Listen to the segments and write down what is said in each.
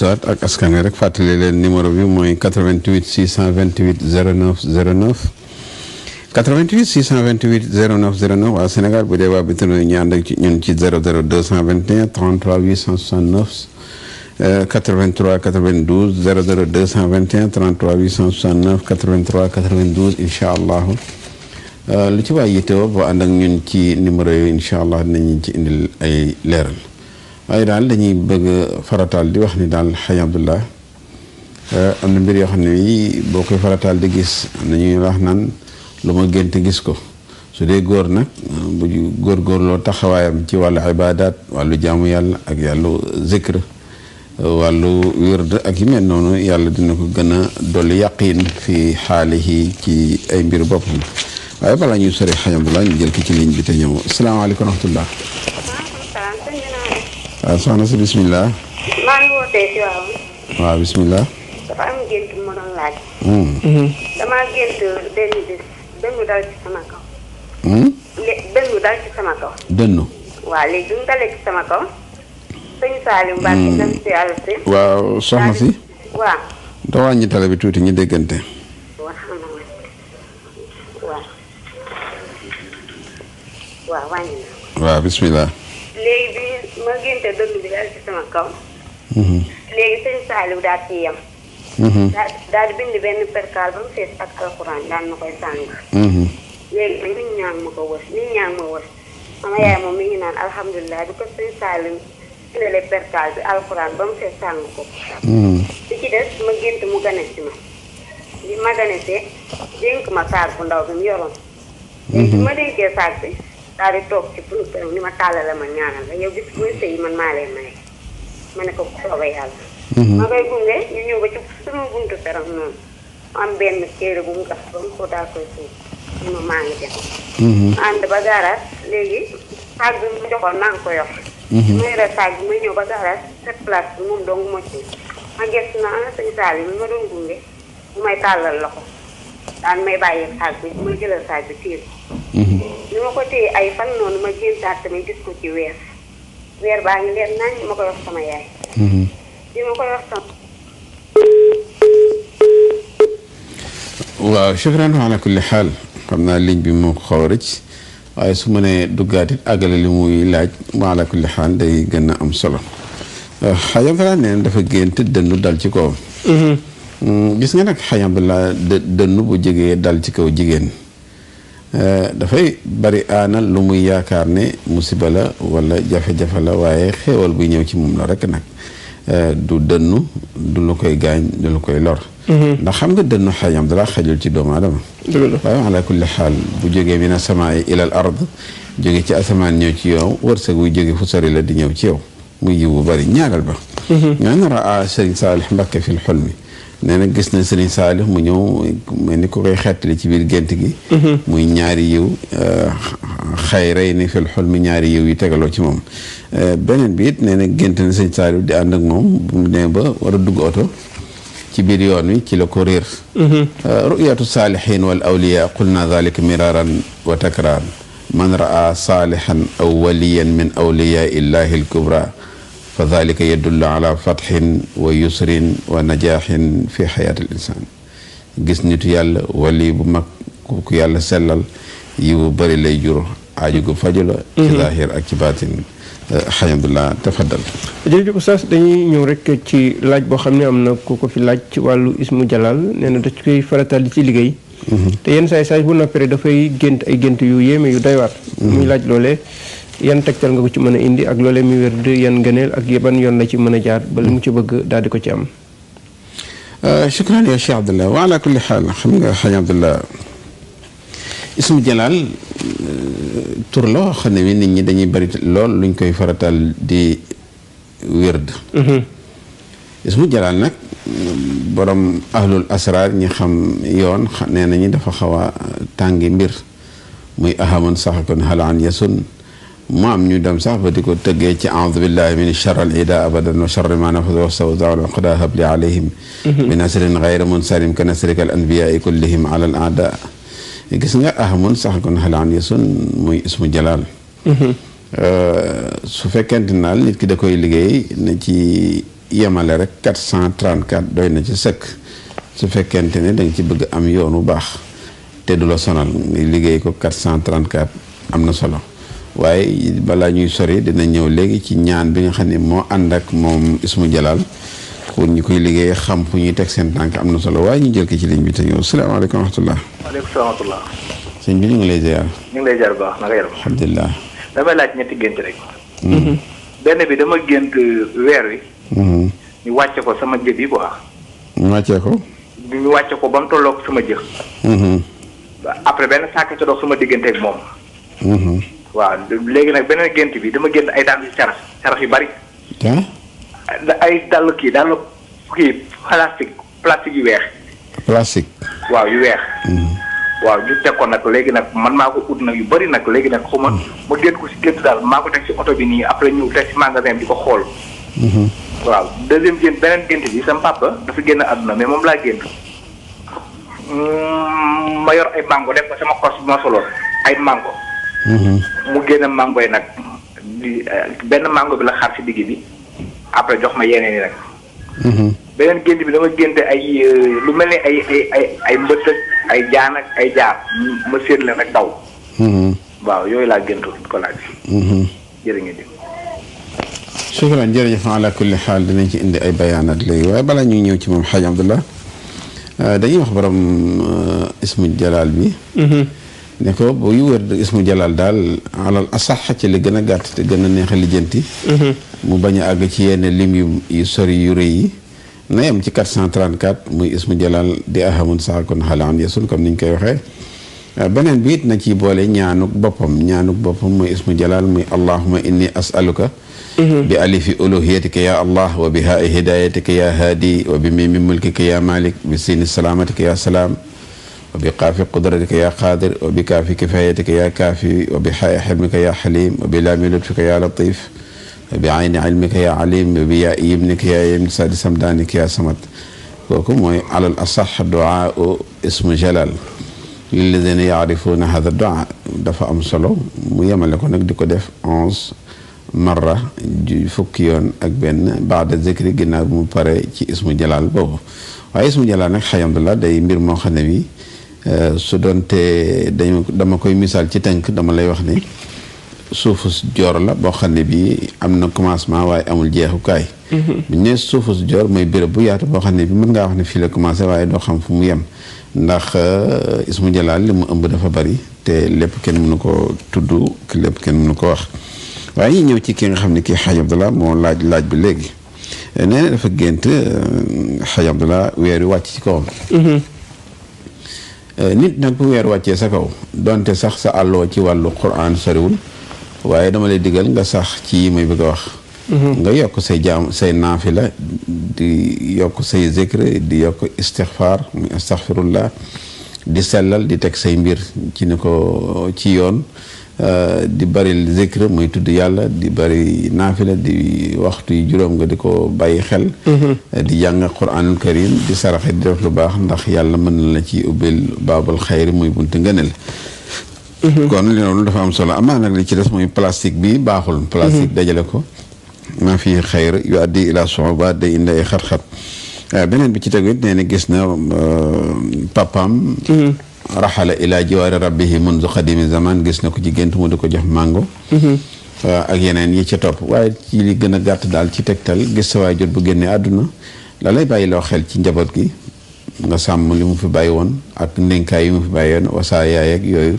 siwaat ak askan wi rek fàttali leen numéro bi mooy 88 628 09 09 88 628 09 09 waa Sénégal bu dee waa bitim réew ñu ànd ak ci ñun ci 00 221 33 869 83 92 00 221 33 869 83 92 incha allah euh, lu ci waay yittewoo boo ànd ak ñun ci numéro yooyu incha allah dinañu ci indil ay leeral. waaye daal dañuy bëgg farataal di wax ni daal xañ abdullah eh, am na mbir yoo xam ne yii boo koy farataal di gis nañuy na wax naan lu ma gént gis ko su dee góor nag góor góorgóorloo taxawaayam ci wàllu ibadat wàllu jaamu yàlla ak yàllu zikr wàllu wird ak yi mel noonu yàlla dina ko gën a dolli yaqin fi xaalihi ci ay mbir boppam waaye balaa ñuy sori xañ abdullah ñu jël ki ci ligne bi te ñëw asalaamaaleykum wa waaw ah, soxna si bisimilah. maa ngi wootee si waaw. waaw bisimilah. dafa am gént mu doon laaj. Hmm. Hmm. damaa gént benn bés dënnu dal ci sama kaw. dënnu hmm? dal ci sama kaw. dënnu. waaw léegi bi mu dalee ci sama kaw. sëñ Salim Mbacke dem si àll si. waaw soxna si. waaw. doo wàññi tale bi tuuti ñu déggante. waaw waaw wàññi na. waaw bisimilah. diggante dënn sama kaw. Mhm. léegi sëñ Saliou daal ci yem. Mhm. daal di bind benn perkaal ba mu fees ak alxuraan daal na koy sàng. Mhm. léegi nag nit ñaa ngi ma ko wër nit ñaa ma wër sama yaay moom mi ngi naan alhamdulilah di ko sëñ Saliou indale perkaal bi alxuraan ba mu fees sàng ko. li ci des ma gént mu gane si ma. li ma gane dénk ma saag bu ndaw bi mu yoroon. léegi ma dénkee saag bi. daal di toog ci buntu këram ni ma tàllale ma ñaanal mhm. mhm. mhm. la yow bis booy sëy man maa may ma ne ko bu soobee yàlla. ma koy gunge ñu ñëw ba ci buntu këram noonu benn téere bu mu gas ba mu ko daal koy suuf ni ma maa ngi dem. ànd ba gaaraas léegi saag bi mu joxoon maa ngi ko yor. ma yore saag bi ma ñëw ba gaaraas cette place bi moom dong moo ci ma gëstu na ana sëñ Saali bi ma doon gunge bu may tàllal loxo daan may bàyyi saag bi bu may jëlal saag bi téere. Mm-hmm. bi ma ko téye ay fan noonu ma géntaat tamit gis ko ci weer weer baa ngi leer nañ ma koy wax sama yaay mm-hmm. bi ma koy wax sama waaw shukran ala kulli xam naa ligne bi moo xaw a waaye su ma nee duggaat it àggale li muy laaj mu ala kulli xaal day gën a am solo uh, xajam neen dafa gént dënnu dal ci kawam mm-hmm. mm, gis nga nag xajam dënnu bu jegee dal ci kaw jigéen Euh, dafay bari aanal lu muy yaakaar ne musiba la wala jafe la waaye xéewal buy ñëw ci moom la rek nag euh, du dënnu du lu koy gaañ du lu koy lor mhm. ndax xam nga dënnu xañam dara xajul ci doomu aadama waaye ala kulli bu jógee mina samaai ilal ard jóge ci asamaan ñëw ci yow wërsëg wuy jóge fu sori la di ñëw ci yow muy yiw wu bari ñaareel ba ñaa mhm. a sëriñ Saalix Mbakke fi l xol nee na gis na Serigne Saalix mu ñëw mel ni ko koy xettali ci biir gente gi mm-hmm. muy ñaari yiw euh, xayray ni fil xol mi ñaari yiw yi tegaloo ci moom euh, beneen bi it nee na gént na Serigne Saalix di ànd ak moom mu nee ba war a oto ci biir yoon wi ci la ko réer mm-hmm. euh, ru'yatu saalihin wal awliya qulna zalika miraran wa man raa saalihan aw waliyan min awliya illahi al fa dalika yadullu ala fatxin wa yusrin wa najaaxin fi xayaati al bu mag ku yàlla sellal yi bu bëri lay jur aaju gu faju la ci mhm. zaahir ak ci baatin xamdulillah eh, tafaddal dañuy ñëw rek ci laaj boo xam ne am na ku ko fi laaj ci wàllu ismu jalal nee na ci liggéey mhm. te yenn saay saay bu noppee dafay gént ay gént yu yéeme yu doy waar mhm. muy laaj loolee yan tegtal nga ko ci mën a indi ak loolee mi wér di yan ngëneel ak ban yoon la ci mën a jaar ba li mu ci bëgg daal ko ci am. Euh, shukran ya Cheikh Abdallah wa xam nga xañ Abdallah ismu jalaal euh, ne nit ñi dañuy bari lool luñ koy faratal di wérd. Mhm. ismu jalaal nag borom ahlul asraar ñi xam yoon nee nañu dafa xaw a tàngi mbir muy ahaman saxakun halaan yasun mu am ñu dem sax ba di ko tëggee ci aoudu billahi min charri al ida abadan wa charri ma nafadu wastawdauna qada habli alayhim mhm. bi nasrin gayra munsalim ka nasrika al anbiyai kullihim ala al aada gis nga ahamun sax kon xalaan yasun muy ismu mhm. euh, su fekkente naal nit ki da koy liggéey na ci yemale rek 434 doy na ci sëkk su fekkente ne da nga ci bëgg am yoon bu baax te du la sonal liggéey ko 434 am na solo waaye balaa ñuy sori dina ñëw léegi ci ñaan bi nga xam ne moo ànd ak moom ismu jalaal pour ñu koy liggéey xam fu ñuy teg seen tànk am na solo waaye ñu jël ko ci ligne bi te ñëw salaamaaleykum wa rahmatulah. waaleykum salaam wa rahmatulah. sëñ bi ñu ngi lay ziar. ñu ngi lay ziar bu baax naka yaram. alhamdulilah. damay laaj ñetti gént rek. Hmm. Hmm. benn bi dama gént weer wi. Hmm. ñu wàcce ko sama jëf yi quoi. ñu wàccee ko. ñu wàcce ko ba mu tolloog sama jëf. après benn sàkk ca dox sama diggante ak moom. waaw léegi nag beneen gént bi dama génn ay dàll yu sarax sarax yu bari. ay dàll kii dàll kii plastique plastique yu weex. plastique. waaw yu weex. Mm-hmm. waaw ñu teg ko nag léegi nag man maa ko ut nag yu bari nag léegi nag xuma mm. ma gént ko si gént daal maa ko teg si oto bi nii après ñu teg si magasin bi di ko xool. Mm-hmm. waaw deuxième gént beneen gént bi sama papa dafa génn àdduna mais moom laa génn mm, ma yor ay mango de ko sama kos bi ma soloon ay mango. mu génn mango yi nag di eh, benn mango bi la xar si digg bi après jox ma yeneen yi nag. beneen gént bi dama génte ay eh, lu mel ni ay ay ay ay mbët ak ay jaan ak ay jaar ma séen leen rek daw. waaw yooyu laa géntul ko laaj. jërë ngeen jëf. shukran jërëjëf ala kulli xaal ci indi ay bayaanaat léegi waaye balaa ñuy ñëw ci moom xaaj Abdullah eh, dañuy wax borom ismu jalaal bi. Mm-hmm. ne ko buy wërd ismu jalal daal alal asax ci li gën a gàtt te gën a neex a lijjanti mhm. mu bañ a àgg ci yen lim yu sori yu rëy na yem ci 434 muy ismu jalal di ahamun saakon xalaan yesun comme niñ koy waxee ah, beneen bi it na ci boole ñaanuk boppam ñaanuk boppam muy ismu jalal muy allahuma inni asaluka mhm. bi alifi uluhiyatika ya allah wa bi haai hidayatika ya haadi wa bi mimi mulkika ya malik bi sini salamatika ya salaam wa bi qaafi qudratika yaa qaadir wa bi kaafi kifayatika yaa kaafi wa bi xaaya xilmika yaa xaliim wa bi laami lutfika yaa latiif wa bi ayni ilmika yaa aliim wa bi yaa yimnika yaa yim saadi samdaanika yaa samad kooku mooy alal asax duaa ismu jalal lilladina yaarifuuna hada duaa dafa am solo mu yemale ko nag di ko def onze marra fukki yoon ak benn baada zikri ginnaaw mu pare ci ismu jalal boobu waaye ismu jalal nag xayamdullah day mbir moo xam ne bi Euh, su doonte dañu dama koy misaal ci tenk dama lay wax ni suufu joor la boo xam ne bii am na commencement waaye amul jeexukaay. Mhm. bu ñu nee suufu joor mooy bërëb bu yaatu boo xam ne bii mën ngaa wax ne fii la commencé waaye doo xam fu mu yem ndax euh, ismu jalaal li mu ëmb dafa bari te lépp kenn mënu ko tudd lépp kenn mënu ko wax. waaye ñëw ci ki nga xam ne kii xaj Abdallah moo laaj laaj bi léegi nee dafa gént euh, xaj Abdallah weer wàcc ci kawam. Mhm. Euh, nit nag bu weer wàccee sa kaw donte sax sa àlloo ci wàllu quran soriwul waaye dama lay digal nga sax ci yi may bëgg a wax mhm. nga yokk say jaam say naafila di yokk say zikr di yokk istixfaar muy astaxfirullah di sellal di teg say mbir ci ne ko ci yoon Euh, di bari zikr muy tudd yàlla di bari naafila di waxtu yi juróom nga di ko bàyyi xel mhm. euh, di jàng quranul karim di saraxe di def lu baax ndax yàlla mën na la ci ubbil baabul xayri muy buntu ngëneel mhm. kon li loolu dafa am solo amaa nag li ci des mooy plastique bi baaxul mhm. plastique dajale ko maa fi xayr yu addi ila soba day indi ay xat-xat euh, beneen bi ci tegu it nee gis na papaam raxala ila jiwaari rabbihi munzu xadimi zaman gis na ko ci gént mu di ko jox mango mhm. uh, ak yeneen yi ca topp waaye ci li gën a gàtt daal ci tegtal gis sa waajur bu génnee àdduna la lay bàyyi loo xel ci njaboot gi nga sàmm li mu fi bàyyi woon ak ndenkaay yi mu fi bàyyi woon wasaa yaay yooyu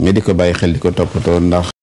nga di ko bàyyi xel di ko toppatoo ndax